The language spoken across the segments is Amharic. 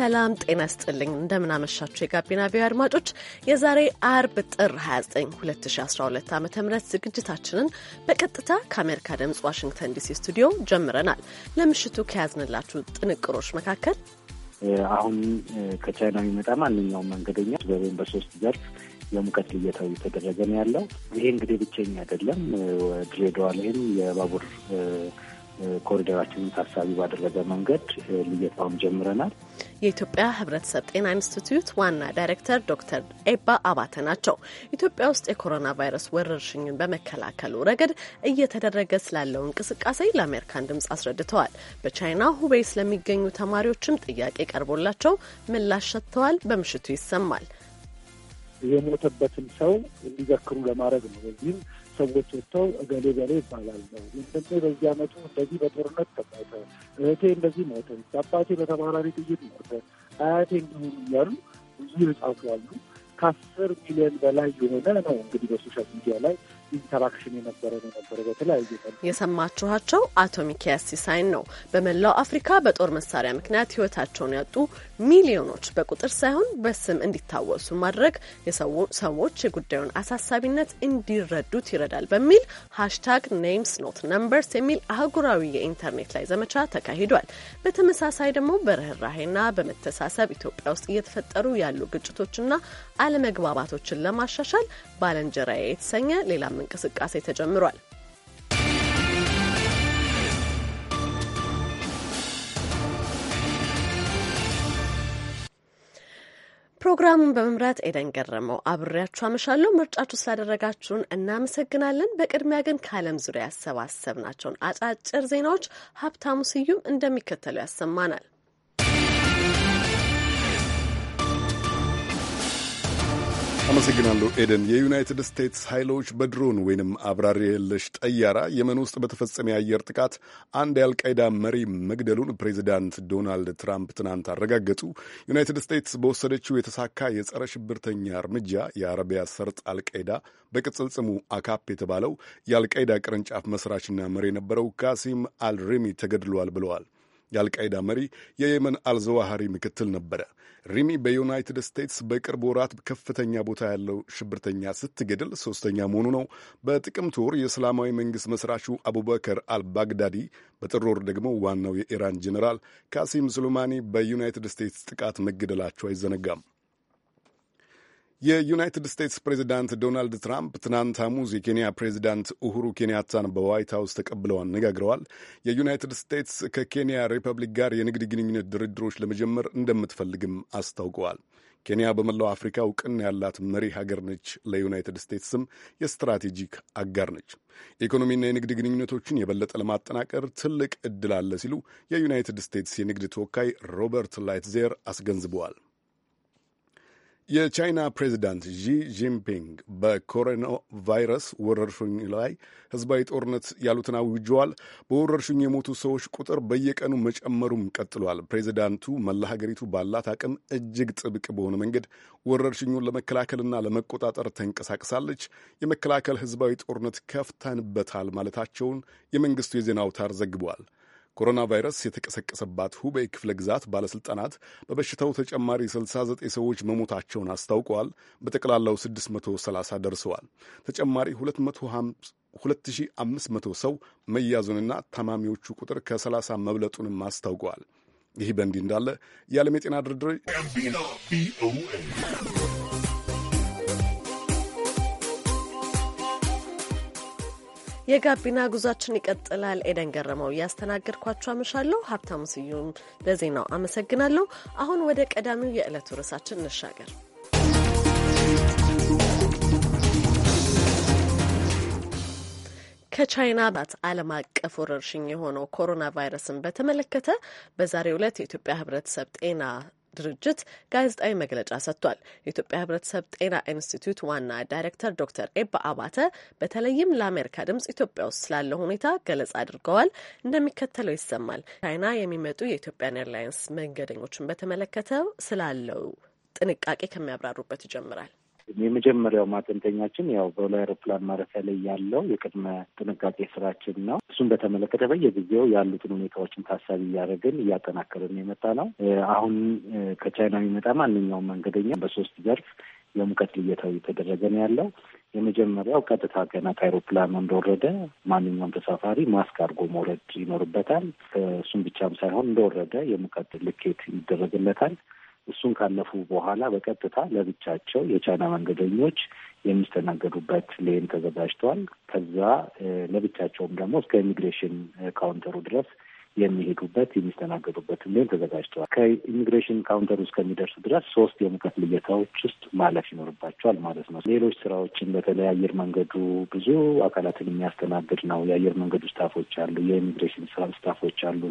ሰላም ጤና ስጥልኝ። እንደምናመሻችሁ የጋቢና ቪኦኤ አድማጮች የዛሬ አርብ ጥር 29 2012 ዓ ም ዝግጅታችንን በቀጥታ ከአሜሪካ ድምፅ ዋሽንግተን ዲሲ ስቱዲዮ ጀምረናል። ለምሽቱ ከያዝንላችሁ ጥንቅሮች መካከል አሁን ከቻይና የሚመጣ ማንኛውም መንገደኛ በወይም በሶስት ዘርፍ የሙቀት ልየታው እየተደረገ ነው ያለው። ይሄ እንግዲህ ብቸኛ አይደለም። ድሬዳዋ ላይም የባቡር ኮሪደራችንን ታሳቢ ባደረገ መንገድ ልየታውን ጀምረናል። የኢትዮጵያ ሕብረተሰብ ጤና ኢንስቲትዩት ዋና ዳይሬክተር ዶክተር ኤባ አባተ ናቸው። ኢትዮጵያ ውስጥ የኮሮና ቫይረስ ወረርሽኝን በመከላከሉ ረገድ እየተደረገ ስላለው እንቅስቃሴ ለአሜሪካን ድምፅ አስረድተዋል። በቻይና ሁቤይ ስለሚገኙ ተማሪዎችም ጥያቄ ቀርቦላቸው ምላሽ ሰጥተዋል። በምሽቱ ይሰማል። የሞተበትን ሰው እንዲዘክሩ ለማድረግ ነው። በዚህም ሰዎች ወጥተው እገሌ በሌ ይባላል ነው ወንድሜ በዚህ አመቱ እንደዚህ በጦርነት ተሞተ፣ እህቴ እንደዚህ ሞተ አባቴ በተባራሪ ጥይት ሞተ፣ አያቴ እንዲሁም እያሉ ብዙ ይጻፉ አሉ። ከአስር ሚሊዮን በላይ የሆነ ነው እንግዲህ በሶሻል ሚዲያ ላይ ኢንተራክሽን የነበረ ነው ነበረ በተለያየ የሰማችኋቸው አቶ ሚኪያስ ሲሳይን ነው። በመላው አፍሪካ በጦር መሳሪያ ምክንያት ህይወታቸውን ያጡ ሚሊዮኖች በቁጥር ሳይሆን በስም እንዲታወሱ ማድረግ ሰዎች የጉዳዩን አሳሳቢነት እንዲረዱት ይረዳል በሚል ሃሽታግ ኔምስ ኖት ነምበርስ የሚል አህጉራዊ የኢንተርኔት ላይ ዘመቻ ተካሂዷል። በተመሳሳይ ደግሞ በርኅራሄና በመተሳሰብ ኢትዮጵያ ውስጥ እየተፈጠሩ ያሉ ግጭቶችና አለመግባባቶችን ለማሻሻል ባለንጀራ የተሰኘ ሌላ የሰላም እንቅስቃሴ ተጀምሯል። ፕሮግራሙን በመምራት ኤደን ገረመው አብሬያችሁ አመሻለሁ። ምርጫችሁ ስላደረጋችሁን እናመሰግናለን። በቅድሚያ ግን ከዓለም ዙሪያ ያሰባሰብናቸውን አጫጭር ዜናዎች ሀብታሙ ስዩም እንደሚከተለው ያሰማናል። አመሰግናለሁ ኤደን። የዩናይትድ ስቴትስ ኃይሎች በድሮን ወይንም አብራሪ የለሽ ጠያራ የመን ውስጥ በተፈጸመ የአየር ጥቃት አንድ የአልቃይዳ መሪ መግደሉን ፕሬዚዳንት ዶናልድ ትራምፕ ትናንት አረጋገጡ። ዩናይትድ ስቴትስ በወሰደችው የተሳካ የጸረ ሽብርተኛ እርምጃ የአረቢያ ሰርጥ አልቃይዳ በቅጽል ስሙ አካፕ የተባለው የአልቃይዳ ቅርንጫፍ መስራችና መሪ የነበረው ካሲም አልሬሚ ተገድሏል ብለዋል። የአልቃይዳ መሪ የየመን አልዘዋሃሪ ምክትል ነበረ። ሪሚ በዩናይትድ ስቴትስ በቅርብ ወራት ከፍተኛ ቦታ ያለው ሽብርተኛ ስትገድል ሶስተኛ መሆኑ ነው። በጥቅምት ወር የእስላማዊ መንግሥት መስራቹ አቡበከር አልባግዳዲ፣ በጥር ወር ደግሞ ዋናው የኢራን ጀኔራል ካሲም ሱሌማኒ በዩናይትድ ስቴትስ ጥቃት መገደላቸው አይዘነጋም። የዩናይትድ ስቴትስ ፕሬዚዳንት ዶናልድ ትራምፕ ትናንት ሐሙስ የኬንያ ፕሬዚዳንት ኡሁሩ ኬንያታን በዋይት ሀውስ ተቀብለው አነጋግረዋል። የዩናይትድ ስቴትስ ከኬንያ ሪፐብሊክ ጋር የንግድ ግንኙነት ድርድሮች ለመጀመር እንደምትፈልግም አስታውቀዋል። ኬንያ በመላው አፍሪካ እውቅና ያላት መሪ ሀገር ነች። ለዩናይትድ ስቴትስም የስትራቴጂክ አጋር ነች። የኢኮኖሚና የንግድ ግንኙነቶችን የበለጠ ለማጠናቀር ትልቅ እድል አለ ሲሉ የዩናይትድ ስቴትስ የንግድ ተወካይ ሮበርት ላይትዜር አስገንዝበዋል። የቻይና ፕሬዚዳንት ዢ ጂንፒንግ በኮሮና ቫይረስ ወረርሽኝ ላይ ህዝባዊ ጦርነት ያሉትን አውጀዋል። በወረርሽኙ የሞቱ ሰዎች ቁጥር በየቀኑ መጨመሩም ቀጥሏል። ፕሬዚዳንቱ መላ ሀገሪቱ ባላት አቅም እጅግ ጥብቅ በሆነ መንገድ ወረርሽኙን ለመከላከልና ለመቆጣጠር ተንቀሳቅሳለች፣ የመከላከል ህዝባዊ ጦርነት ከፍተንበታል ማለታቸውን የመንግስቱ የዜና አውታር ዘግቧል። ኮሮና ቫይረስ የተቀሰቀሰባት ሁቤይ ክፍለ ግዛት ባለሥልጣናት በበሽታው ተጨማሪ 69 ሰዎች መሞታቸውን አስታውቀዋል። በጠቅላላው 630 ደርሰዋል። ተጨማሪ 2500 ሰው መያዙንና ታማሚዎቹ ቁጥር ከ30 መብለጡንም አስታውቀዋል። ይህ በእንዲህ እንዳለ የዓለም የጤና ድርድር የጋቢና ጉዟችን ይቀጥላል። ኤደን ገረመው እያስተናገድኳችሁ አመሻለሁ። ሀብታሙ ስዩም ለዜናው አመሰግናለሁ። አሁን ወደ ቀዳሚው የዕለቱ ርዕሳችን እንሻገር። ከቻይና ባት ዓለም አቀፍ ወረርሽኝ የሆነው ኮሮና ቫይረስን በተመለከተ በዛሬው ዕለት የኢትዮጵያ ሕብረተሰብ ጤና ድርጅት ጋዜጣዊ መግለጫ ሰጥቷል። የኢትዮጵያ ሕብረተሰብ ጤና ኢንስቲትዩት ዋና ዳይሬክተር ዶክተር ኤባ አባተ በተለይም ለአሜሪካ ድምጽ ኢትዮጵያ ውስጥ ስላለው ሁኔታ ገለጻ አድርገዋል። እንደሚከተለው ይሰማል። ቻይና የሚመጡ የኢትዮጵያን ኤርላይንስ መንገደኞችን በተመለከተ ስላለው ጥንቃቄ ከሚያብራሩበት ይጀምራል። የመጀመሪያው ማጠንጠኛችን ያው በሎ አይሮፕላን ማረፊያ ላይ ያለው የቅድመ ጥንቃቄ ስራችን ነው። እሱን በተመለከተ በየጊዜው ያሉትን ሁኔታዎችን ታሳቢ እያደረግን እያጠናከርን የመጣ ነው። አሁን ከቻይና የሚመጣ ማንኛውም መንገደኛ በሶስት ዘርፍ የሙቀት ልየታው እየተደረገ ነው ያለው። የመጀመሪያው ቀጥታ ገና ከአይሮፕላኑ እንደወረደ ማንኛውም ተሳፋሪ ማስክ አድርጎ መውረድ ይኖርበታል። እሱም ብቻም ሳይሆን እንደወረደ የሙቀት ልኬት ይደረግለታል። እሱን ካለፉ በኋላ በቀጥታ ለብቻቸው የቻይና መንገደኞች የሚስተናገዱበት ሌን ተዘጋጅተዋል። ከዛ ለብቻቸውም ደግሞ እስከ ኢሚግሬሽን ካውንተሩ ድረስ የሚሄዱበት የሚስተናገዱበት ሌን ተዘጋጅተዋል። ከኢሚግሬሽን ካውንተሩ እስከሚደርሱ ድረስ ሶስት የሙቀት ልየታዎች ውስጥ ማለፍ ይኖርባቸዋል ማለት ነው። ሌሎች ስራዎችን በተለይ አየር መንገዱ ብዙ አካላትን የሚያስተናግድ ነው። የአየር መንገዱ ስታፎች አሉ፣ የኢሚግሬሽን ስታፎች አሉ፣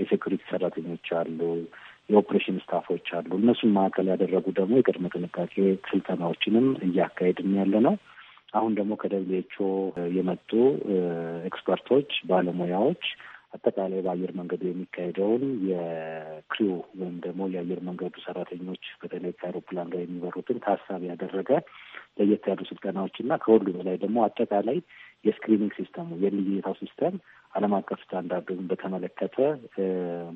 የሴኩሪቲ ሰራተኞች አሉ የኦፕሬሽን ስታፎች አሉ። እነሱን ማዕከል ያደረጉ ደግሞ የቅድመ ጥንቃቄ ስልጠናዎችንም እያካሄድን ያለ ነው። አሁን ደግሞ ከደብሌቾ የመጡ ኤክስፐርቶች፣ ባለሙያዎች አጠቃላይ በአየር መንገዱ የሚካሄደውን የክሪው ወይም ደግሞ የአየር መንገዱ ሰራተኞች በተለይ ከአይሮፕላን ጋር የሚበሩትን ታሳቢ ያደረገ ለየት ያሉ ስልጠናዎች እና ከሁሉ በላይ ደግሞ አጠቃላይ የስክሪኒንግ ሲስተሙ የልየታው ሲስተም ዓለም አቀፍ ስታንዳርዱን በተመለከተ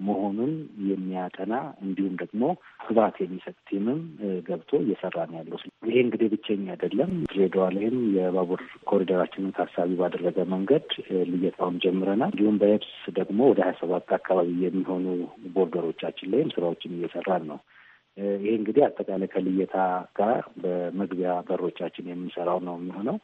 መሆኑን የሚያጠና እንዲሁም ደግሞ ግብዓት የሚሰጥ ቲምም ገብቶ እየሰራ ነው ያለው። ይሄ እንግዲህ ብቸኛ አይደለም። ድሬዳዋ ላይም የባቡር ኮሪደራችንን ታሳቢ ባደረገ መንገድ ልየታውን ጀምረናል። እንዲሁም በየብስ ደግሞ ወደ ሀያ ሰባት አካባቢ የሚሆኑ ቦርደሮቻችን ላይም ስራዎችን እየሰራን ነው። ይሄ እንግዲህ አጠቃላይ ከልየታ ጋር በመግቢያ በሮቻችን የምንሰራው ነው የሚሆነው።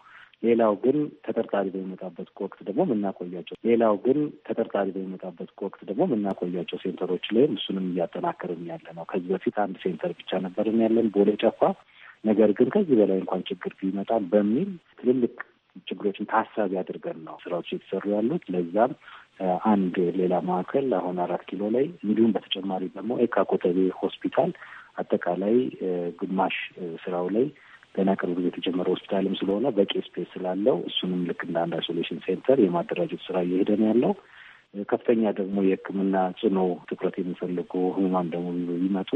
ሌላው ግን ተጠርጣሪ በሚመጣበት ወቅት ደግሞ የምናቆያቸው ሌላው ግን ተጠርጣሪ በሚመጣበት ወቅት ደግሞ የምናቆያቸው ሴንተሮች ላይም እሱንም እያጠናከርን ያለ ነው። ከዚህ በፊት አንድ ሴንተር ብቻ ነበርን ያለን ቦሌ ጨፋ። ነገር ግን ከዚህ በላይ እንኳን ችግር ቢመጣ በሚል ትልልቅ ችግሮችን ታሳቢ አድርገን ነው ስራዎች የተሰሩ ያሉት። ለዛም አንድ ሌላ ማዕከል አሁን አራት ኪሎ ላይ እንዲሁም በተጨማሪ ደግሞ ኤካ ኮተቤ ሆስፒታል አጠቃላይ ግማሽ ስራው ላይ ገና ቅርብ ጊዜ የተጀመረ ሆስፒታልም ስለሆነ በቂ ስፔስ ስላለው እሱንም ልክ እንደ አንድ አይሶሌሽን ሴንተር የማደራጀት ስራ እየሄደ ነው ያለው። ከፍተኛ ደግሞ የሕክምና ጽኖ ትኩረት የሚፈልጉ ህሙማን ደግሞ ቢመጡ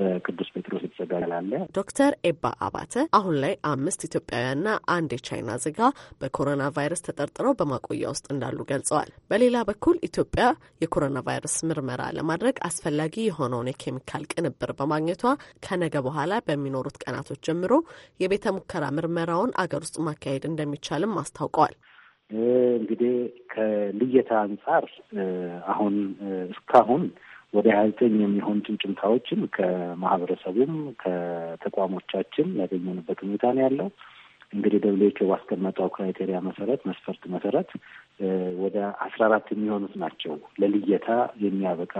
በቅዱስ ጴጥሮስ የተዘጋላለ ዶክተር ኤባ አባተ አሁን ላይ አምስት ኢትዮጵያውያንና አንድ የቻይና ዜጋ በኮሮና ቫይረስ ተጠርጥረው በማቆያ ውስጥ እንዳሉ ገልጸዋል። በሌላ በኩል ኢትዮጵያ የኮሮና ቫይረስ ምርመራ ለማድረግ አስፈላጊ የሆነውን የኬሚካል ቅንብር በማግኘቷ ከነገ በኋላ በሚኖሩት ቀናቶች ጀምሮ የቤተ ሙከራ ምርመራውን አገር ውስጥ ማካሄድ እንደሚቻልም አስታውቀዋል። እንግዲህ ከልየታ አንጻር አሁን እስካሁን ወደ ሀያ ዘጠኝ የሚሆን ጭምጭምታዎችን ከማህበረሰቡም ከተቋሞቻችን ያገኘንበት ሁኔታ ነው ያለው። እንግዲህ ደብሌቾ ባስቀመጠው ክራይቴሪያ መሰረት መስፈርት መሰረት ወደ አስራ አራት የሚሆኑት ናቸው ለልየታ የሚያበቃ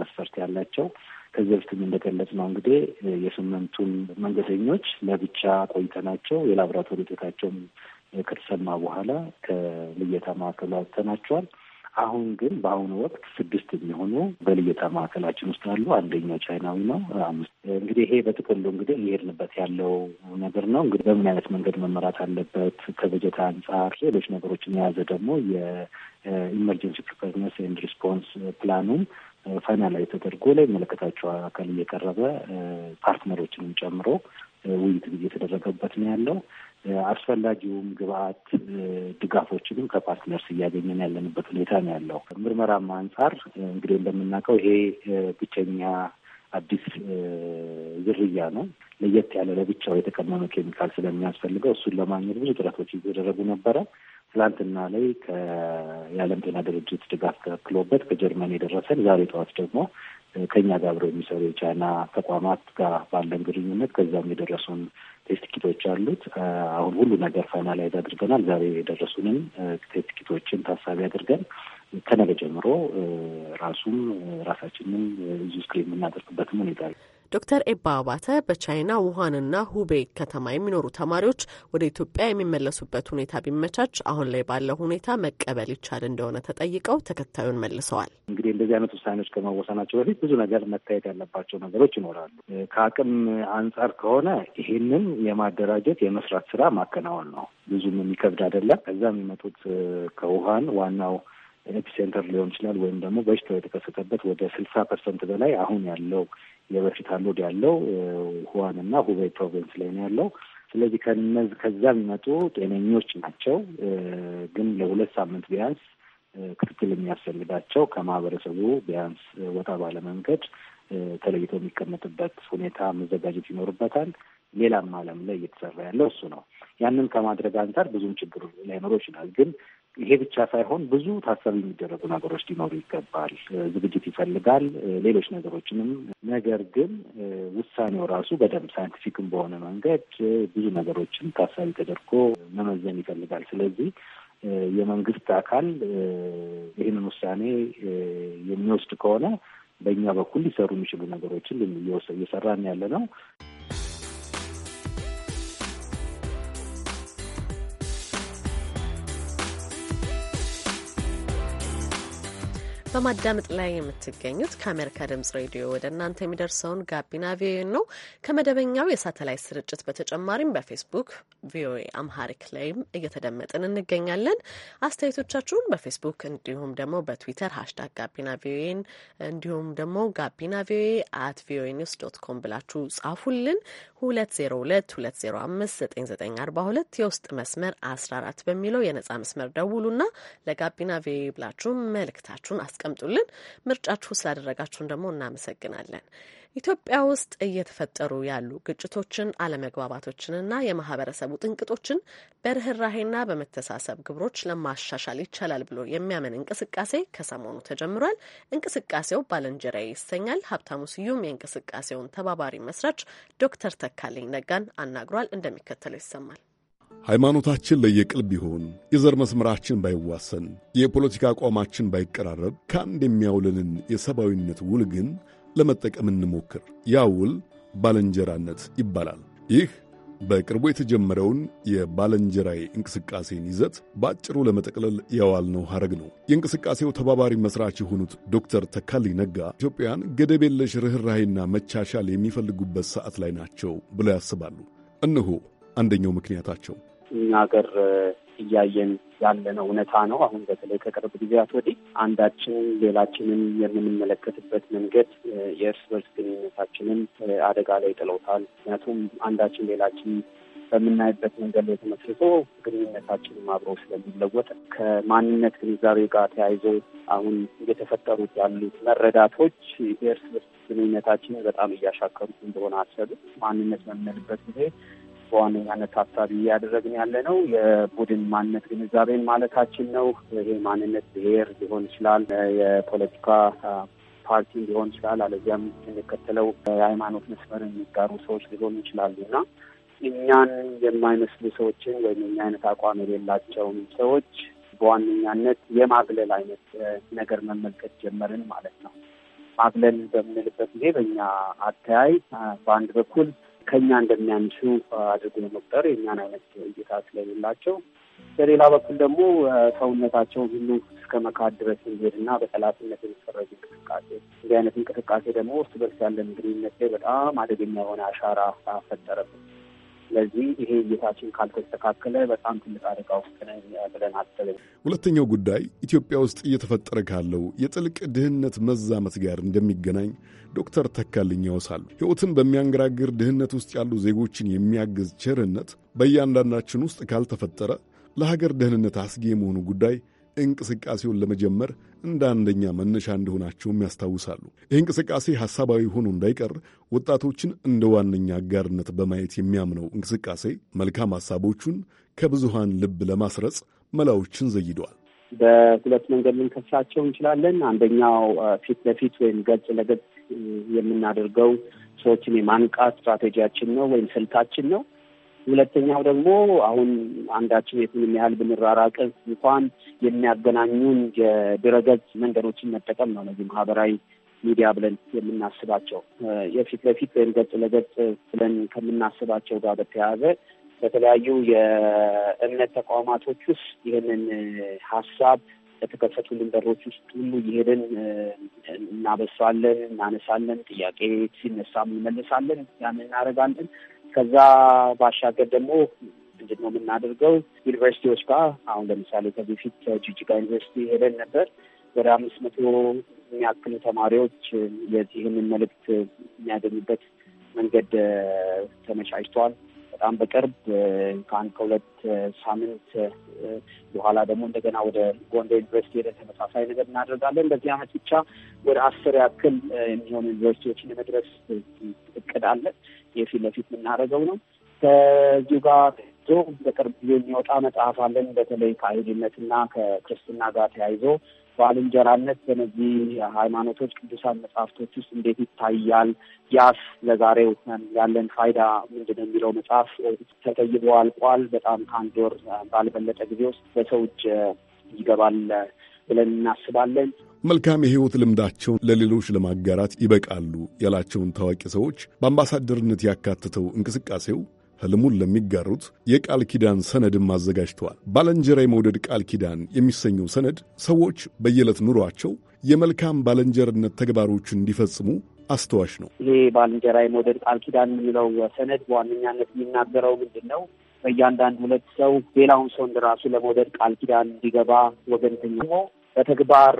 መስፈርት ያላቸው። ከዚህ በፊትም እንደገለጽ ነው እንግዲህ የስምንቱን መንገደኞች ለብቻ ቆይተናቸው የላቦራቶሪ ውጤታቸውም ከተሰማ በኋላ ከልየታ ማዕከሉ አውጥተናቸዋል። አሁን ግን በአሁኑ ወቅት ስድስት የሚሆኑ በልየታ ማዕከላችን ውስጥ አሉ። አንደኛው ቻይናዊ ነው። አምስት እንግዲህ ይሄ በጥቅሉ እንግዲህ እየሄድንበት ያለው ነገር ነው። እንግዲህ በምን አይነት መንገድ መመራት አለበት ከበጀት አንጻር ሌሎች ነገሮችን የያዘ ደግሞ የኢመርጀንሲ ፕሪፐርነስ ኤንድ ሪስፖንስ ፕላኑም ላይ ተደርጎ መለከታቸው አካል እየቀረበ ፓርትነሮችንም ጨምሮ ውይይት እየተደረገበት ነው ያለው። አስፈላጊውም ግብአት ድጋፎችንም ከፓርትነርስ እያገኘን ያለንበት ሁኔታ ነው ያለው። ምርመራም አንጻር እንግዲህ እንደምናውቀው ይሄ ብቸኛ አዲስ ዝርያ ነው። ለየት ያለ ለብቻው የተቀመመ ኬሚካል ስለሚያስፈልገው እሱን ለማግኘት ብዙ ጥረቶች እየተደረጉ ነበረ። ትላንትና ላይ ከየዓለም ጤና ድርጅት ድጋፍ ተከክሎበት ከጀርመን የደረሰን ዛሬ ጠዋት ደግሞ ከኛ ጋር አብረው የሚሰሩ የቻይና ተቋማት ጋር ባለን ግንኙነት ከዛም የደረሱን ቴስት ኪቶች አሉት። አሁን ሁሉ ነገር ፋይናላይዝ አድርገናል። ዛሬ የደረሱንም ቴስት ኪቶችን ታሳቢ አድርገን ከነገ ጀምሮ ራሱም ራሳችንን እዚሁ ስክሪን የምናደርግበትም ሁኔታ ዶክተር ኤባ አባተ በቻይና ውሃንና ሁቤ ከተማ የሚኖሩ ተማሪዎች ወደ ኢትዮጵያ የሚመለሱበት ሁኔታ ቢመቻች አሁን ላይ ባለው ሁኔታ መቀበል ይቻል እንደሆነ ተጠይቀው ተከታዩን መልሰዋል። እንግዲህ እንደዚህ አይነት ውሳኔዎች ከመወሰናቸው በፊት ብዙ ነገር መታየት ያለባቸው ነገሮች ይኖራሉ። ከአቅም አንጻር ከሆነ ይህንን የማደራጀት የመስራት ስራ ማከናወን ነው። ብዙም የሚከብድ አይደለም። ከዛ የሚመጡት ከውሃን ዋናው ኤፒሴንተር ሊሆን ይችላል ወይም ደግሞ በሽታው የተከሰተበት ወደ ስልሳ ፐርሰንት በላይ አሁን ያለው የበፊት አሉድ ያለው ሁዋን እና ሁቤይ ፕሮቪንስ ላይ ነው ያለው። ስለዚህ ከነዚ ከዛ የሚመጡ ጤነኞች ናቸው፣ ግን ለሁለት ሳምንት ቢያንስ ክትትል የሚያስፈልጋቸው ከማህበረሰቡ ቢያንስ ወጣ ባለመንገድ ተለይቶ የሚቀመጥበት ሁኔታ መዘጋጀት ይኖርበታል። ሌላም ዓለም ላይ እየተሰራ ያለው እሱ ነው። ያንን ከማድረግ አንጻር ብዙም ችግር ላይኖሮ ይችላል። ግን ይሄ ብቻ ሳይሆን ብዙ ታሳቢ የሚደረጉ ነገሮች ሊኖሩ ይገባል። ዝግጅት ይፈልጋል፣ ሌሎች ነገሮችንም። ነገር ግን ውሳኔው ራሱ በደንብ ሳይንቲፊክም በሆነ መንገድ ብዙ ነገሮችን ታሳቢ ተደርጎ መመዘን ይፈልጋል። ስለዚህ የመንግስት አካል ይህንን ውሳኔ የሚወስድ ከሆነ በእኛ በኩል ሊሰሩ የሚችሉ ነገሮችን እየሰራን ያለ ነው። በማዳመጥ ላይ የምትገኙት ከአሜሪካ ድምጽ ሬዲዮ ወደ እናንተ የሚደርሰውን ጋቢና ቪኦኤ ነው። ከመደበኛው የሳተላይት ስርጭት በተጨማሪም በፌስቡክ ቪኦኤ አምሃሪክ ላይም እየተደመጥን እንገኛለን። አስተያየቶቻችሁን በፌስቡክ እንዲሁም ደግሞ በትዊተር ሀሽታግ ጋቢና ቪኦኤን እንዲሁም ደግሞ ጋቢና ቪኦኤ አት ቪኦኤ ኒውስ ዶት ኮም ብላችሁ ጻፉልን። 2022059942 የውስጥ መስመር 14 በሚለው የነጻ መስመር ደውሉና ለጋቢና ቪኦኤ ብላችሁ መልእክታችሁን አስቀ አስቀምጡልን። ምርጫችሁ ስላደረጋችሁን ደግሞ እናመሰግናለን። ኢትዮጵያ ውስጥ እየተፈጠሩ ያሉ ግጭቶችን፣ አለመግባባቶችንና የማህበረሰቡ ጥንቅጦችን በርኅራሄና በመተሳሰብ ግብሮች ለማሻሻል ይቻላል ብሎ የሚያምን እንቅስቃሴ ከሰሞኑ ተጀምሯል። እንቅስቃሴው ባለንጀራዬ ይሰኛል። ሀብታሙ ስዩም የእንቅስቃሴውን ተባባሪ መስራች ዶክተር ተካልኝ ነጋን አናግሯል። እንደሚከተለው ይሰማል። ሃይማኖታችን ለየቅል ቢሆን፣ የዘር መስመራችን ባይዋሰን፣ የፖለቲካ አቋማችን ባይቀራረብ ከአንድ የሚያውልንን የሰብአዊነት ውል ግን ለመጠቀም እንሞክር። ያ ውል ባለንጀራነት ይባላል። ይህ በቅርቡ የተጀመረውን የባልንጀራዬ እንቅስቃሴን ይዘት በአጭሩ ለመጠቅለል ያዋልነው ሐረግ ነው። የእንቅስቃሴው ተባባሪ መስራች የሆኑት ዶክተር ተካሊ ነጋ ኢትዮጵያን ገደብ የለሽ ርኅራሄና መቻሻል የሚፈልጉበት ሰዓት ላይ ናቸው ብለው ያስባሉ። እነሆ አንደኛው ምክንያታቸው እኛ ሀገር እያየን ያለነው እውነታ ነው። አሁን በተለይ ከቅርብ ጊዜያት ወዲህ አንዳችንን ሌላችንን የምንመለከትበት መንገድ የእርስ በርስ ግንኙነታችንን አደጋ ላይ ጥለውታል። ምክንያቱም አንዳችን ሌላችን በምናይበት መንገድ ላይ ተመስርቶ ግንኙነታችንም አብሮ ስለሚለወጥ ከማንነት ግንዛቤ ጋር ተያይዞ አሁን እየተፈጠሩት ያሉት መረዳቶች የእርስ በርስ ግንኙነታችንን በጣም እያሻከሩት እንደሆነ አሰብ ማንነት በምንልበት ጊዜ በዋነኛነት ታሳቢ እያደረግን ያለ ነው የቡድን ማንነት ግንዛቤን ማለታችን ነው። ይሄ ማንነት ብሔር ሊሆን ይችላል፣ የፖለቲካ ፓርቲ ሊሆን ይችላል፣ አለዚያም የሚከተለው የሃይማኖት መስመር የሚጋሩ ሰዎች ሊሆኑ ይችላሉ እና እኛን የማይመስሉ ሰዎችን ወይም እኛ አይነት አቋም የሌላቸውን ሰዎች በዋነኛነት የማግለል አይነት ነገር መመልከት ጀመርን ማለት ነው። ማግለል በምንልበት ጊዜ በእኛ አተያይ በአንድ በኩል ከኛ እንደሚያንሱ አድርጎ መቁጠር የኛን አይነት እይታ ስለሌላቸው፣ በሌላ በኩል ደግሞ ሰውነታቸው ሁሉ እስከ መካድ ድረስ የሚሄድና በጠላትነት የሚፈረጅ እንቅስቃሴ እንዲህ አይነት እንቅስቃሴ ደግሞ እርስ በርስ ያለን ግንኙነት ላይ በጣም አደገኛ የሆነ አሻራ አፈጠረብን። ስለዚህ ይሄ እይታችን ካልተስተካከለ በጣም ትልቅ አደጋ ውስጥ ነን ብለን አስብን። ሁለተኛው ጉዳይ ኢትዮጵያ ውስጥ እየተፈጠረ ካለው የጥልቅ ድህነት መዛመት ጋር እንደሚገናኝ ዶክተር ተካልኝ ያወሳሉ። ሕይወትን በሚያንገራግር ድህነት ውስጥ ያሉ ዜጎችን የሚያግዝ ቸርነት በእያንዳንዳችን ውስጥ ካልተፈጠረ ለሀገር ደህንነት አስጊ የመሆኑ ጉዳይ እንቅስቃሴውን ለመጀመር እንደ አንደኛ መነሻ እንደሆናቸውም ያስታውሳሉ። ይህ እንቅስቃሴ ሐሳባዊ ሆኖ እንዳይቀር ወጣቶችን እንደ ዋነኛ አጋርነት በማየት የሚያምነው እንቅስቃሴ መልካም ሐሳቦቹን ከብዙሃን ልብ ለማስረጽ መላዎችን ዘይደዋል። በሁለት መንገድ ልንከሳቸው እንችላለን። አንደኛው ፊት ለፊት ወይም ገጽ ለገጽ የምናደርገው ሰዎችን የማንቃት ስትራቴጂያችን ነው ወይም ስልታችን ነው። ሁለተኛው ደግሞ አሁን አንዳችን የቱንም ያህል ብንራራቅ እንኳን የሚያገናኙን የድረገጽ መንገዶችን መጠቀም ነው። ለዚህ ማህበራዊ ሚዲያ ብለን የምናስባቸው የፊት ለፊት ወይም ገጽ ለገጽ ብለን ከምናስባቸው ጋር በተያያዘ በተለያዩ የእምነት ተቋማቶች ውስጥ ይህንን ሀሳብ በተከፈቱልን በሮች ውስጥ ሁሉ እየሄድን እናበሳለን፣ እናነሳለን፣ ጥያቄ ሲነሳ እንመልሳለን፣ ያን እናደርጋለን። ከዛ ባሻገር ደግሞ ምንድን ነው የምናደርገው ዩኒቨርሲቲዎች ጋር አሁን ለምሳሌ ከዚህ በፊት ዩኒቨርሲቲ ሄደን ነበር። ወደ አምስት መቶ የሚያክሉ ተማሪዎች የዚህን መልእክት የሚያገኙበት መንገድ ተመቻችተዋል። በጣም በቅርብ ከአንድ ከሁለት ሳምንት በኋላ ደግሞ እንደገና ወደ ጎንደር ዩኒቨርሲቲ ሄደን ተመሳሳይ ነገር እናደርጋለን። በዚህ ዓመት ብቻ ወደ አስር ያክል የሚሆኑ ዩኒቨርሲቲዎችን የመድረስ እቅድ አለን። የፊት ለፊት የምናደርገው ነው። ከዚሁ ጋር ዞ በቅርብ ጊዜ የሚወጣ መጽሐፍ አለን። በተለይ ከአይሁድነትና ከክርስትና ጋር ተያይዞ ባልንጀራነት በነዚህ ሃይማኖቶች ቅዱሳን መጽሐፍቶች ውስጥ እንዴት ይታያል? ያስ ለዛሬው ያለን ፋይዳ ምንድነው? የሚለው መጽሐፍ ተጠይቦ አልቋል። በጣም ከአንድ ወር ባልበለጠ ጊዜ ውስጥ በሰው እጅ ይገባል ብለን እናስባለን። መልካም የሕይወት ልምዳቸውን ለሌሎች ለማጋራት ይበቃሉ ያላቸውን ታዋቂ ሰዎች በአምባሳደርነት ያካትተው እንቅስቃሴው ህልሙን ለሚጋሩት የቃል ኪዳን ሰነድም አዘጋጅተዋል። ባለንጀራ የመውደድ ቃል ኪዳን የሚሰኘው ሰነድ ሰዎች በየዕለት ኑሯቸው የመልካም ባለንጀርነት ተግባሮችን እንዲፈጽሙ አስተዋሽ ነው። ይሄ ባልንጀራ የመውደድ ቃል ኪዳን የምንለው ሰነድ በዋነኛነት የሚናገረው ምንድን ነው? በእያንዳንድ ሁለት ሰው ሌላውን ሰው እንደራሱ ለመውደድ ቃል ኪዳን እንዲገባ ወገንተኛ በተግባር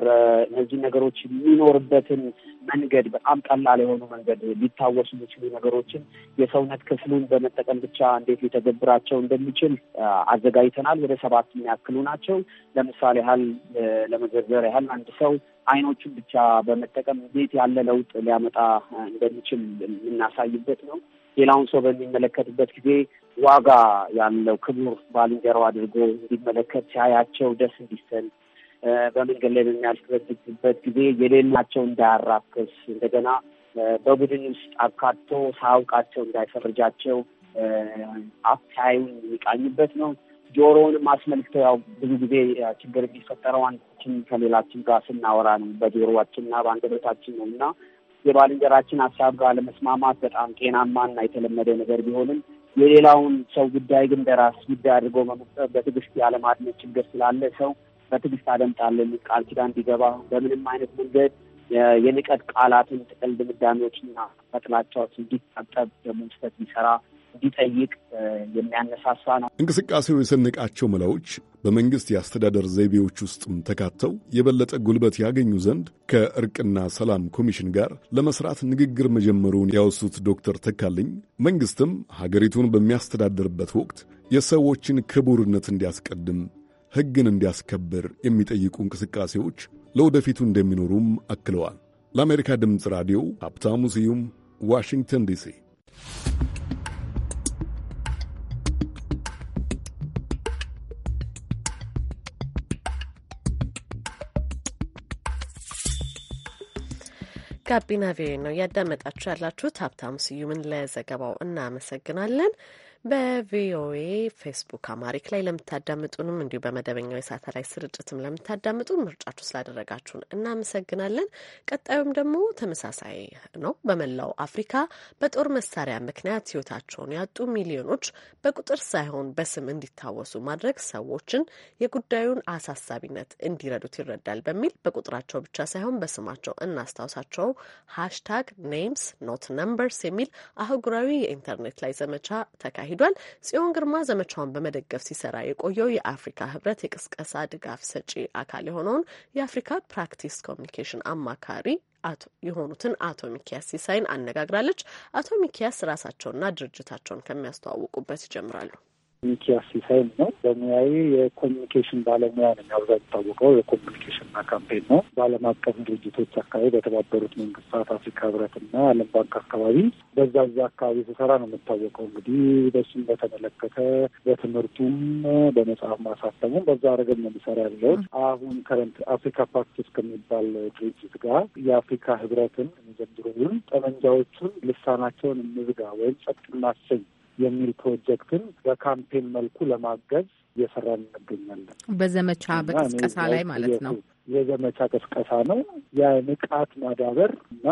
እነዚህ ነገሮች የሚኖርበትን መንገድ በጣም ቀላል የሆኑ መንገድ ሊታወሱ የሚችሉ ነገሮችን የሰውነት ክፍሉን በመጠቀም ብቻ እንዴት ሊተገብራቸው እንደሚችል አዘጋጅተናል። ወደ ሰባት የሚያክሉ ናቸው። ለምሳሌ ያህል ለመዘርዘር ያህል አንድ ሰው አይኖቹን ብቻ በመጠቀም እንዴት ያለ ለውጥ ሊያመጣ እንደሚችል የምናሳይበት ነው። ሌላውን ሰው በሚመለከትበት ጊዜ ዋጋ ያለው ክቡር ባልንጀራው አድርጎ እንዲመለከት ሲያያቸው ደስ እንዲሰል በመንገድ ላይ በሚያስረግዝበት ጊዜ የሌላቸው እንዳያራክስ እንደገና በቡድን ውስጥ አካቶ ሳያውቃቸው እንዳይፈርጃቸው አፍታዩን የሚቃኝበት ነው። ጆሮውንም አስመልክተው ያው ብዙ ጊዜ ችግር የሚፈጠረው አንዳችን ከሌላችን ጋር ስናወራ ነው፣ በጆሮዋችን እና በአንደበታችን ነው እና የባልንጀራችን ሀሳብ ጋር ለመስማማት በጣም ጤናማና የተለመደ ነገር ቢሆንም የሌላውን ሰው ጉዳይ ግን በራስ ጉዳይ አድርጎ በትዕግስት ያለማድመጥ ችግር ስላለ ሰው በትዕግስት አደምጣለሁ የሚል ቃል ኪዳን እንዲገባ በምንም አይነት መንገድ የንቀት ቃላትን፣ ጥቅል ድምዳሜዎችና በጥላቻዎች እንዲታጠብ ደግሞ ሊሰራ እንዲጠይቅ የሚያነሳሳ ነው። እንቅስቃሴው የሰነቃቸው መላዎች በመንግስት የአስተዳደር ዘይቤዎች ውስጥም ተካተው የበለጠ ጉልበት ያገኙ ዘንድ ከእርቅና ሰላም ኮሚሽን ጋር ለመስራት ንግግር መጀመሩን ያወሱት ዶክተር ተካልኝ መንግስትም ሀገሪቱን በሚያስተዳድርበት ወቅት የሰዎችን ክቡርነት እንዲያስቀድም ሕግን እንዲያስከብር የሚጠይቁ እንቅስቃሴዎች ለወደፊቱ እንደሚኖሩም አክለዋል። ለአሜሪካ ድምፅ ራዲዮ ሀብታሙ ስዩም ዋሽንግተን ዲሲ። ጋቢና ቪኦኤ ነው ያዳመጣችሁ ያላችሁት። ሀብታሙ ስዩምን ለዘገባው እናመሰግናለን። በቪኦኤ ፌስቡክ አማሪክ ላይ ለምታዳምጡንም እንዲሁ በመደበኛው የሳተላይት ስርጭትም ለምታዳምጡ ምርጫችሁ ስላደረጋችሁን እናመሰግናለን። ቀጣዩም ደግሞ ተመሳሳይ ነው። በመላው አፍሪካ በጦር መሳሪያ ምክንያት ህይወታቸውን ያጡ ሚሊዮኖች በቁጥር ሳይሆን በስም እንዲታወሱ ማድረግ ሰዎችን የጉዳዩን አሳሳቢነት እንዲረዱት ይረዳል በሚል በቁጥራቸው ብቻ ሳይሆን በስማቸው እናስታውሳቸው ሃሽታግ ኔምስ ኖት ነምበርስ የሚል አህጉራዊ የኢንተርኔት ላይ ዘመቻ ተካሂ አካሂዷል። ጽዮን ግርማ ዘመቻውን በመደገፍ ሲሰራ የቆየው የአፍሪካ ህብረት የቅስቀሳ ድጋፍ ሰጪ አካል የሆነውን የአፍሪካ ፕራክቲስ ኮሚኒኬሽን አማካሪ የሆኑትን አቶ ሚኪያስ ሲሳይን አነጋግራለች። አቶ ሚኪያስ ራሳቸውና ድርጅታቸውን ከሚያስተዋውቁበት ይጀምራሉ። ሚኪያስ ሲሳይን ነው። በሙያዬ የኮሚኒኬሽን ባለሙያ ነው። አብዛኛው የሚታወቀው የኮሚኒኬሽንና ካምፔን ነው። በዓለም አቀፍ ድርጅቶች አካባቢ በተባበሩት መንግስታት፣ አፍሪካ ህብረትና ዓለም ባንክ አካባቢ በዛ ዛ አካባቢ ስሰራ ነው የምታወቀው። እንግዲህ በሱም በተመለከተ በትምህርቱም በመጽሐፍ ማሳተሙም በዛ ረገድ ነው የሚሰራ ያለሁት። አሁን ከረንት አፍሪካ ፓክትስ ከሚባል ድርጅት ጋር የአፍሪካ ህብረትን የሚዘምድሩን ጠመንጃዎቹን ልሳናቸውን እንዝጋ ወይም ጸጥ እናሰኝ የሚል ፕሮጀክትን በካምፔን መልኩ ለማገዝ እየሰራን እንገኛለን። በዘመቻ በቅስቀሳ ላይ ማለት ነው። የዘመቻ ቅስቀሳ ነው። የንቃት ማዳበር እና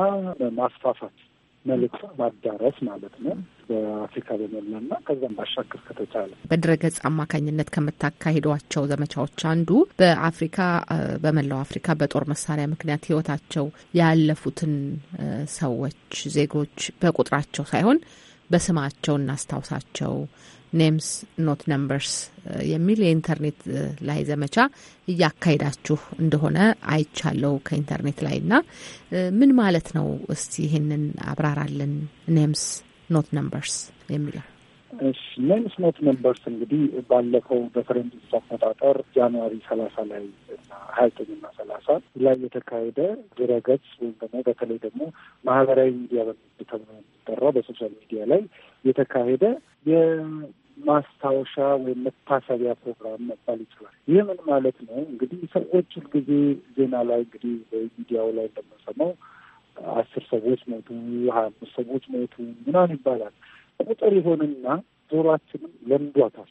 ማስፋፋት መልእክቱ ማዳረስ ማለት ነው። በአፍሪካ በመላና ከዛም ባሻገር ከተቻለ በድረገጽ አማካኝነት ከምታካሂዷቸው ዘመቻዎች አንዱ በአፍሪካ በመላው አፍሪካ በጦር መሳሪያ ምክንያት ሕይወታቸው ያለፉትን ሰዎች ዜጎች በቁጥራቸው ሳይሆን በስማቸው እናስታውሳቸው ኔምስ ኖት ነምበርስ የሚል የኢንተርኔት ላይ ዘመቻ እያካሄዳችሁ እንደሆነ አይቻለው ከኢንተርኔት ላይ እና ምን ማለት ነው? እስቲ ይህንን አብራራልን። ኔምስ ኖት ነምበርስ የሚለው ስሞት ሜምበርስ እንግዲህ ባለፈው በፈረንጆች አቆጣጠር ጃንዋሪ ሰላሳ ላይ እና ሀያ ዘጠኝና ሰላሳ ላይ የተካሄደ ድረገጽ ወይም ደግሞ በተለይ ደግሞ ማህበራዊ ሚዲያ ተብሎ የሚጠራው በሶሻል ሚዲያ ላይ የተካሄደ የማስታወሻ ወይም መታሰቢያ ፕሮግራም መባል ይችላል። ይህ ምን ማለት ነው? እንግዲህ ሰዎች ሁልጊዜ ዜና ላይ እንግዲህ በሚዲያው ላይ እንደምንሰማው አስር ሰዎች ሞቱ፣ ሀያ አምስት ሰዎች ሞቱ ምናምን ይባላል። ቁጥር ይሆንና ዞሯችንም ለምዷታል።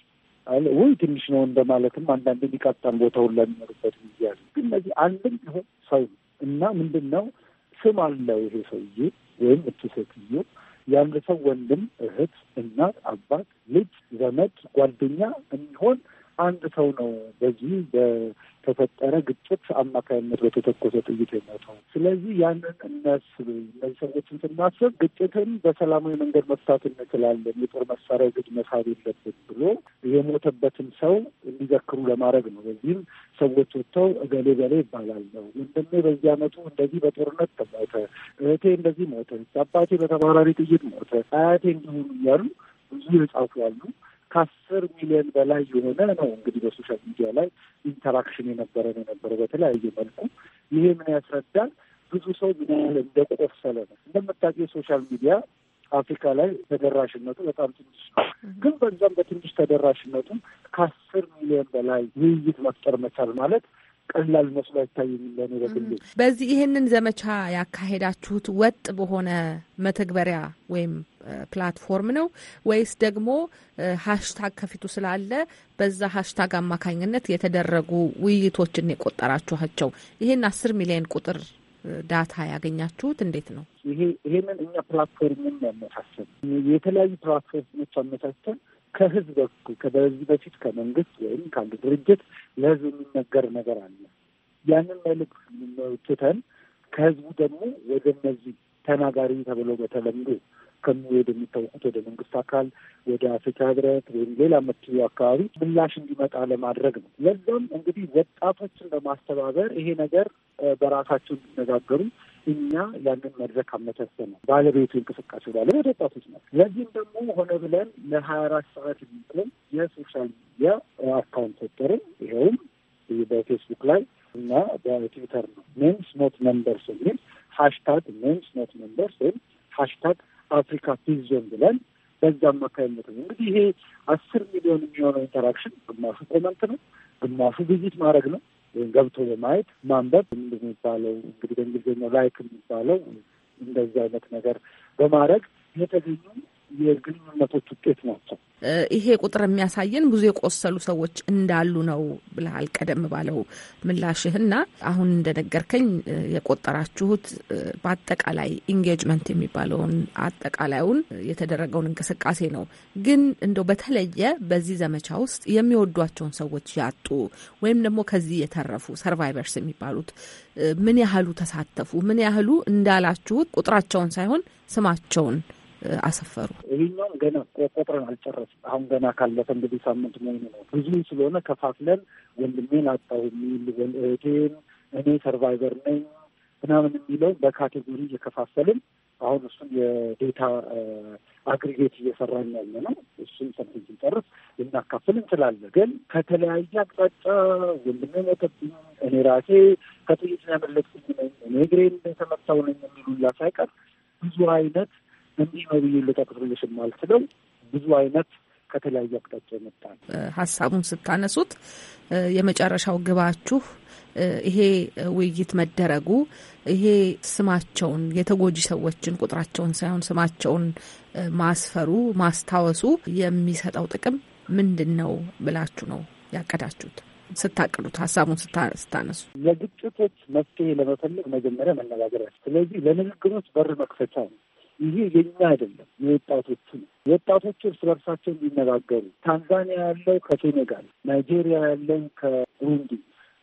አለ ወይ ትንሽ ነው እንደማለትም አንዳንድ የሚቃጣን ቦታውን ለሚኖርበት ጊዜ ያለ ግን እነዚህ አንድም ቢሆን ሰው እና ምንድን ነው ስም አለው ይሄ ሰውዬ ወይም እቺ ሴትዮ የአንድ ሰው ወንድም፣ እህት፣ እናት፣ አባት፣ ልጅ፣ ዘመድ፣ ጓደኛ የሚሆን አንድ ሰው ነው በዚህ በተፈጠረ ግጭት አማካይነት በተተኮሰ ጥይት የሞተው። ስለዚህ ያንን እነስብ እነዚህ ሰዎችን ስናስብ ግጭትን በሰላማዊ መንገድ መፍታት እንችላለን፣ የጦር መሳሪያ ግድ መሳብ የለበት ብሎ የሞተበትን ሰው እንዲዘክሩ ለማድረግ ነው። በዚህም ሰዎች ወጥተው እገሌ በሌ ይባላል ነው ወንድሜ በዚህ አመቱ እንደዚህ በጦርነት ተሞተ፣ እህቴ እንደዚህ ሞተ፣ አባቴ በተባራሪ ጥይት ሞተ፣ አያቴ እንዲሆኑ እያሉ ብዙ የጻፉ ያሉ ከአስር ሚሊዮን በላይ የሆነ ነው እንግዲህ በሶሻል ሚዲያ ላይ ኢንተራክሽን የነበረ ነው የነበረው በተለያየ መልኩ። ይሄ ምን ያስረዳል? ብዙ ሰው ምን ያህል እንደቆሰለ ነው። እንደምታውቂው ሶሻል ሚዲያ አፍሪካ ላይ ተደራሽነቱ በጣም ትንሽ ነው። ግን በዛም በትንሽ ተደራሽነቱ ከአስር ሚሊዮን በላይ ውይይት መፍጠር መቻል ማለት ቀላል መስሎ አይታይም ለእኔ በግሌ። በዚህ ይህንን ዘመቻ ያካሄዳችሁት ወጥ በሆነ መተግበሪያ ወይም ፕላትፎርም ነው ወይስ ደግሞ ሀሽታግ ከፊቱ ስላለ በዛ ሀሽታግ አማካኝነት የተደረጉ ውይይቶችን የቆጠራችኋቸው? ይህን አስር ሚሊዮን ቁጥር ዳታ ያገኛችሁት እንዴት ነው? ይሄ ይሄንን እኛ ፕላትፎርምን ያመቻቸን የተለያዩ ፕላትፎርሞች አመቻቸን ከህዝብ በኩል ከበዚህ በፊት ከመንግስት ወይም ከአንድ ድርጅት ለህዝብ የሚነገር ነገር አለ። ያንን መልዕክት ትተን ከህዝቡ ደግሞ ወደ እነዚህ ተናጋሪ ተብሎ በተለምዶ ከሚሄድ የሚታወቁት ወደ መንግስት አካል ወደ አፍሪካ ህብረት ወይም ሌላ መት አካባቢ ምላሽ እንዲመጣ ለማድረግ ነው። ለዛም እንግዲህ ወጣቶችን በማስተባበር ይሄ ነገር በራሳቸው እንዲነጋገሩ እኛ ያንን መድረክ አመቻቸ ነው ባለቤቱ እንቅስቃሴ ባለቤት ወጣቶች ነው። ለዚህም ደግሞ ሆነ ብለን ለሀያ አራት ሰዓት የሚጥልን የሶሻል ሚዲያ አካውንት ፈጠርን። ይኸውም በፌስቡክ ላይ እና በትዊተር ነው። ሜንስ ኖት መንበርስ የሚል ሀሽታግ ሜንስ ኖት መንበርስ ወይም ሀሽታግ አፍሪካ ፒስ ብለን በዛ አማካኝነት ነው እንግዲህ ይሄ አስር ሚሊዮን የሚሆነው ኢንተራክሽን ግማሹ ኮመንት ነው፣ ግማሹ ቪዚት ማድረግ ነው ወይም ገብቶ በማየት ማንበብ የሚባለው እንግዲህ በእንግሊዝኛው ላይክ የሚባለው እንደዚህ አይነት ነገር በማድረግ የተገኙ የግንኙነቶች ውጤት ናቸው። ይሄ ቁጥር የሚያሳየን ብዙ የቆሰሉ ሰዎች እንዳሉ ነው ብለሃል ቀደም ባለው ምላሽህና አሁን እንደነገርከኝ የቆጠራችሁት በአጠቃላይ ኢንጌጅመንት የሚባለውን አጠቃላዩን የተደረገውን እንቅስቃሴ ነው። ግን እንደው በተለየ በዚህ ዘመቻ ውስጥ የሚወዷቸውን ሰዎች ያጡ ወይም ደግሞ ከዚህ የተረፉ ሰርቫይቨርስ የሚባሉት ምን ያህሉ ተሳተፉ? ምን ያህሉ እንዳላችሁት ቁጥራቸውን ሳይሆን ስማቸውን አሰፈሩ። ይህኛውም ገና ቆጥረን አልጨረስም። አሁን ገና ካለፈ እንግዲህ ሳምንት መሆኑ ነው። ብዙ ስለሆነ ከፋፍለን ወንድሜን አጣሁ የሚል እህቴን፣ እኔ ሰርቫይቨር ነኝ ምናምን የሚለው በካቴጎሪ እየከፋፈልን አሁን እሱን የዴታ አግሪጌት እየሰራን ያለ ነው። እሱን ሰምተን ስንጨርስ ልናካፍል እንችላለን። ግን ከተለያየ አቅጣጫ ወንድሜ ሞተብኝ፣ እኔ ራሴ ከጥይት ያመለጥኩኝ ነኝ፣ እኔ እግሬን የተመታው ነኝ የሚሉላ ሳይቀር ብዙ አይነት እንዲህ ነው ብዬ ልጠቅስልሽ የማልችለው ብዙ አይነት ከተለያየ አቅጣጫ ይመጣል። ሀሳቡን ስታነሱት የመጨረሻው ግባችሁ ይሄ ውይይት መደረጉ ይሄ ስማቸውን የተጎጂ ሰዎችን ቁጥራቸውን ሳይሆን ስማቸውን ማስፈሩ ማስታወሱ የሚሰጠው ጥቅም ምንድን ነው ብላችሁ ነው ያቀዳችሁት? ስታቅዱት ሀሳቡን ስታነሱ ለግጭቶች መፍትሄ ለመፈለግ መጀመሪያ መነጋገር ስለዚህ ለንግግሮች በር መክፈቻ ነው። ይሄ የኛ አይደለም፣ የወጣቶቹ ነው። ወጣቶቹ እርስ በርሳቸው እንዲነጋገሩ ታንዛኒያ ያለው ከሴኔጋል፣ ናይጄሪያ ያለው ከቡሩንዲ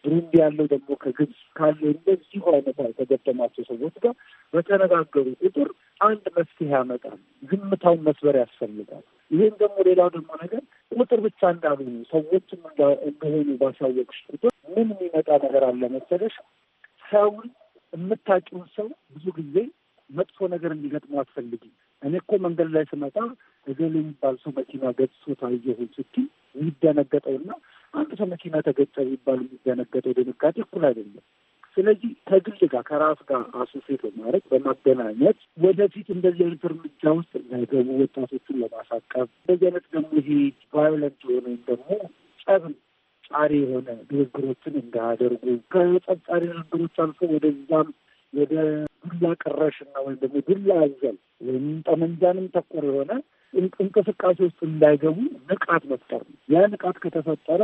ብሩንዲ ያለው ደግሞ ከግብጽ ካለ እንደዚሁ አይነት ከተገጠማቸው ሰዎች ጋር በተነጋገሩ ቁጥር አንድ መፍትሄ ያመጣል። ዝምታውን መስበር ያስፈልጋል። ይህም ደግሞ ሌላው ደግሞ ነገር ቁጥር ብቻ እንዳልሆኑ ሰዎችም እንደሆኑ ባሳወቅሽ ቁጥር ምን የሚመጣ ነገር አለ መሰለሽ ሰውን የምታውቂውን ሰው ብዙ ጊዜ መጥፎ ነገር እንዲገጥሙ አትፈልጊም። እኔ እኮ መንገድ ላይ ስመጣ እገሌ የሚባል ሰው መኪና ገጭቶ ታየሁኝ ስትል የሚደነገጠውና አንድ ሰው መኪና ተገጨ የሚባል የሚደነገጠው ድንጋጤ እኩል አይደለም። ስለዚህ ከግል ጋር ከራስ ጋር አሶሴት በማድረግ በማገናኘት ወደፊት እንደዚህ አይነት እርምጃ ውስጥ እንዳይገቡ ወጣቶቹን ለማሳቀፍ እንደዚህ አይነት ደግሞ ይሄ ቫዮለንት የሆነ ወይም ደግሞ ጸብን ጫሪ የሆነ ንግግሮችን እንዳያደርጉ ከጸብ ጫሪ ንግግሮች አልፎ ወደዛም ወደ ዱላ ቀረሽና ወይም ደግሞ ዱላ አዘል ወይም ጠመንጃንም ተኮር የሆነ እንቅስቃሴ ውስጥ እንዳይገቡ ንቃት መፍጠር ነው። ያ ንቃት ከተፈጠረ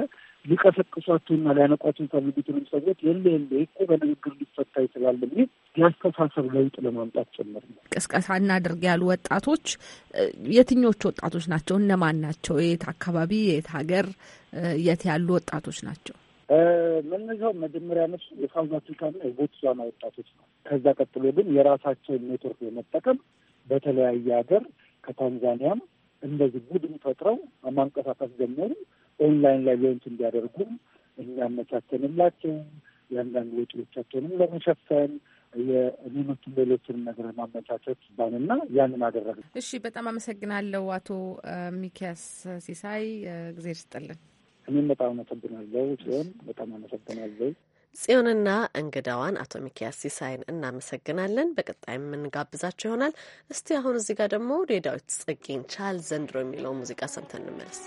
ሊቀሰቅሷቸውና ሊያነቋቸው የሚፈልጉትንም ሰዎች የለ የለ እኮ በንግግር ሊፈታ ይችላል የሚል የአስተሳሰብ ለውጥ ለማምጣት ጭምር ነው። ቅስቀሳ እናድርግ ያሉ ወጣቶች የትኞቹ ወጣቶች ናቸው? እነማን ናቸው? የት አካባቢ፣ የት ሀገር፣ የት ያሉ ወጣቶች ናቸው? መነሻው መጀመሪያ ነሱ የሳውዝ አፍሪካና የቦትስዋና ወጣቶች ነው። ከዛ ቀጥሎ ግን የራሳቸውን ኔትወርክ በመጠቀም በተለያየ ሀገር ከታንዛኒያም እንደዚህ ቡድን ፈጥረው ማንቀሳቀስ ጀመሩ። ኦንላይን ላይ ሎንች እንዲያደርጉ እኛ የአንዳንድ ወጪዎቻቸውንም ለመሸፈን የሌሎችን ሌሎችን ነገር ማመቻቸት ባንና ያንን አደረግ። እሺ፣ በጣም አመሰግናለሁ አቶ ሚኪያስ ሲሳይ ጊዜ ይስጥልን። እኔም በጣም አመሰግናለሁ ሲሆን በጣም አመሰግናለሁ። ጽዮንና እንግዳዋን አቶ ሚኪያስ ሲሳይን እናመሰግናለን። በቀጣይ የምንጋብዛቸው ይሆናል። እስቲ አሁን እዚህ ጋር ደግሞ ዴዳዊት ጽጌን ቻል ዘንድሮ የሚለው ሙዚቃ ሰምተን እንመለስ።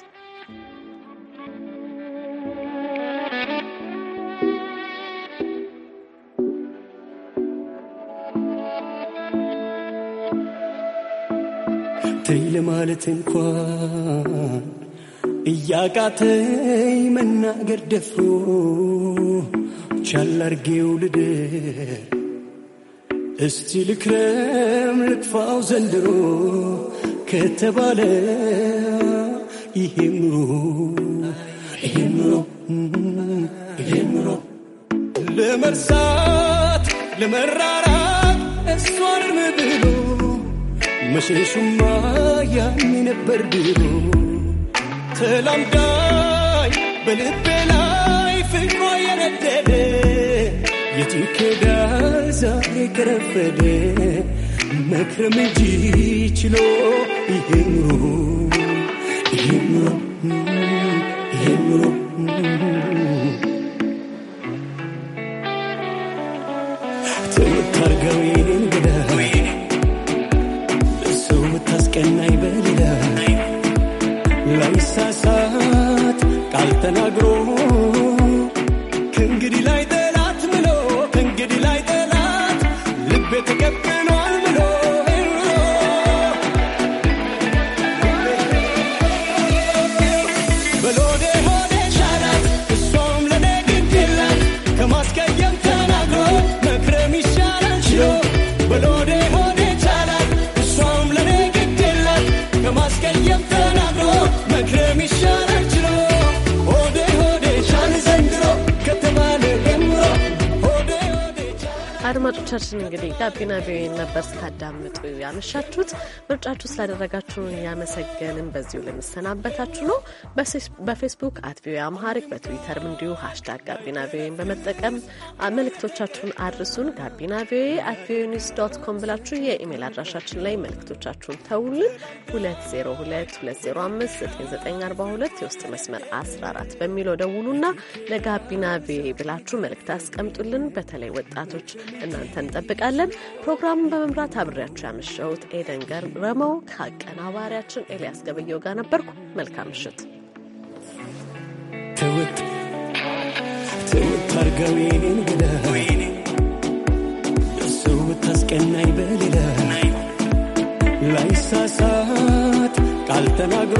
ትል ማለት እንኳን እያቃተይ መናገር ደፍሮ ቻላርጌው ልደር እስቲ ልክረም ልጥፋው ዘንድሮ ከተባለ ይሄም ኑሮ ኑሮ ኑሮ ለመርሳት ለመራራት እሷን ብሎ መሸሹማ ያኔ ነበር ድሮ ተላምዳይ በልቤ ላይ ፍቅሮ የነደደ የትንከዳ ዛሬ ከረፈደ መክረም እንጂ ችሎ ይሄ ኑሮ ይሄ ኑሮ ይሄ ኑሮ ትምታርገው የኔን ሰው ምታስቀናኝ በል አድማጮቻችን እንግዲህ ጋቢና ቪኦኤ ነበር ስታዳምጡ ያመሻችሁት። ምርጫችሁ ስላደረጋችሁ አብራችሁን ያመሰገንን በዚሁ ልንሰናበታችሁ ነው። በፌስቡክ አት ቪኦኤ አምሃሪክ በትዊተርም እንዲሁ ሀሽታግ ጋቢና ቪኦኤን በመጠቀም መልእክቶቻችሁን አድርሱን። ጋቢና ቪኦኤ አት ቪኦኤ ኒውስ ዶት ኮም ብላችሁ የኢሜይል አድራሻችን ላይ መልእክቶቻችሁን ተውልን። 2022059942 የውስጥ መስመር 14 በሚለው ደውሉና ለጋቢና ቪኦኤ ብላችሁ መልእክት አስቀምጡልን። በተለይ ወጣቶች እናንተ እንጠብቃለን። ፕሮግራሙን በመምራት አብሬያችሁ ያመሸሁት ኤደን ገረመው ካቀና አዋሪያችን ኤልያስ ገበየው ጋር ነበርኩ። መልካም ምሽት። ትውት ትውት አርገው እሱ ብታስቀናኝ ላይሳሳት ቃል ተናግሮ